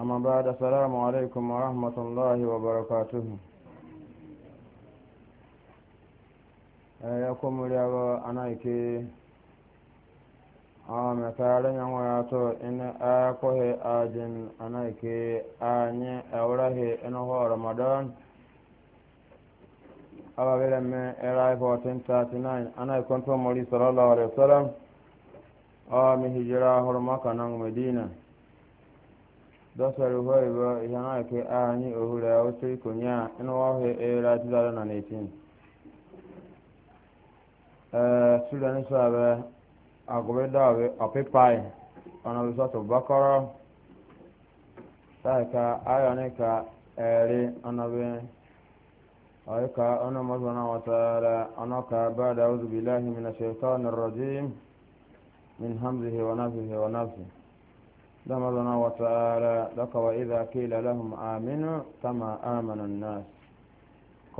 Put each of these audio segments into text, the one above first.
أما بعد السلام عليكم ورحمة الله وبركاته يقوم لي أنا كي a mekare ya wato in a kohe ajin ana ke anyi aurahe in ho ramadan awa bere me era 1439 ana kontu mori sallallahu alaihi wasallam a mi hijira hurma kanan medina dɔsɛri hɔi bɔ yaŋa ke a ni ohura o siri ko nya ina wa he ti da na ne tin eh sura ni agobe bi sai ka ayo ne ka eri ona be ka ona mo na wa taala ka ba da min hamzihi دمرنا وتعالى لك وإذا قيل لهم آمنوا كما آمن الناس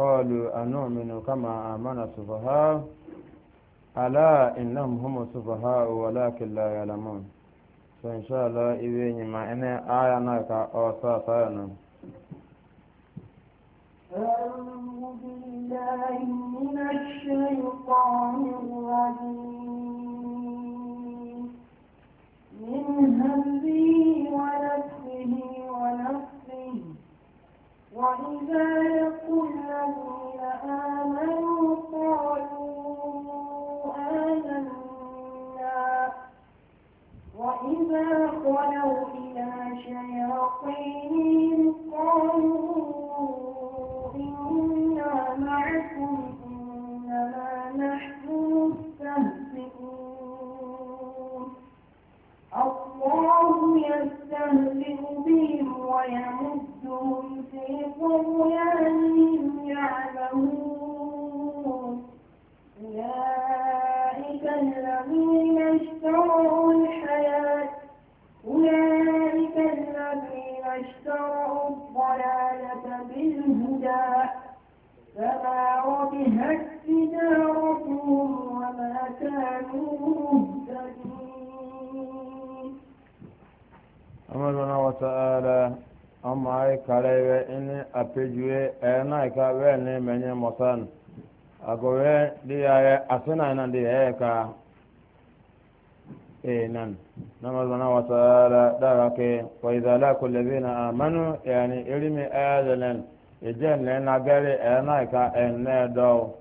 قالوا أنؤمن كما آمن السفهاء ألا إنهم هم السفهاء ولكن لا يعلمون فإن شاء الله إذن ما إن آية ناكا أو ساسانا أعوذ بالله من الشيطان وإذا آمنوا قالوا آمنا وإذا خلوا إلى شياطينهم قالوا في طغيانهم يعمهون أولئك الذين اشتروا الحياة أولئك الذين اشتروا الضلالة بالهدى فما ربحت تجارتهم وما كانوا مهتدين أمرنا وتعالى ama ayi kare we ini apejuwe ena ika we ni menye mosan agowe di aye asina ina di aye ka enan nama zana wa daga ke wa idza la lebi na amanu yani ilmi adalan na gare ena ika na do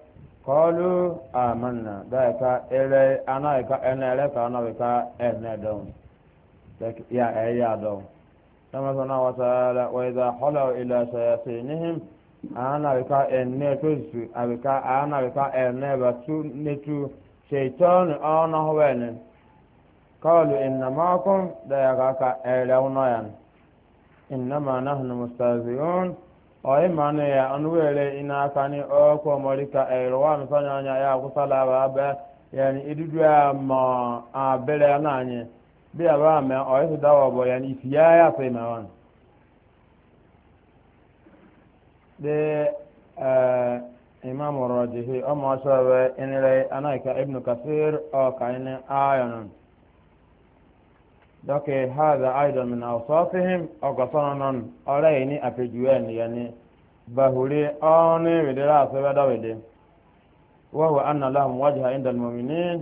qalu amanna ka na ka enne do ya e ya kama sana wa ta'ala wa idha khalu ila shayatinihim ana bika enne tozu abika ana bika enne batu na shaitan ana hawene qalu inna ma'akum da yaga ka elawna yan inna ma aka mustaziyun oyi mane ya anuwele ina kani oko molika elwa mfanya ya kusala baba yani idudu ma abele bí a bá mẹ́ o ti dáwọ̀ bọ̀ yẹn ya yàtọ̀ ìmọ̀ wan de imam o rọ̀jìhì ọmọ ọ̀ṣọ́rẹ́ ẹnìrẹ́ anáìka ibn kasir ọ̀ka ẹni ayọ̀nù. dọ́kì hàdà ayọ̀dọ̀ mi náà sọ́fihìm ọ̀gọ̀sọ́nà nọ́nù ọ̀rẹ́ yìí ní àpèjúwe nìyẹn ni bahuri ọ̀ọ́nì wìdí láàfẹ́ bẹ́ẹ̀ dọ́wìdí. wọ́n wọ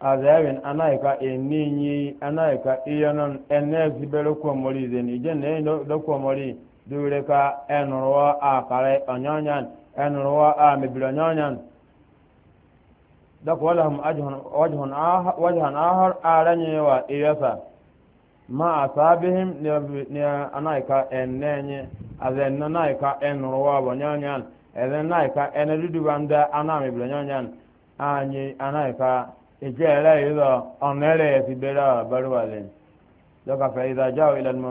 azabin anaika eninyi anaika iyanon enezi bere kwomori zeni je ne do kwomori dure ka enurwa akare onyonyan enurwa a mebiri onyonyan dako walahum wajhun wajhan ahar aranye iyasa ma asabihim ni anaika enenye azen enurwa ezen enedudu banda anyi anaika ìjẹ́ ẹ̀rẹ́ yìí lọ ọ̀nà ẹ̀rẹ́ yẹn ti bẹ̀rẹ̀ àbárúwà lẹ́yìn lọ́kàfẹ́ ìdájọ́ ìlànà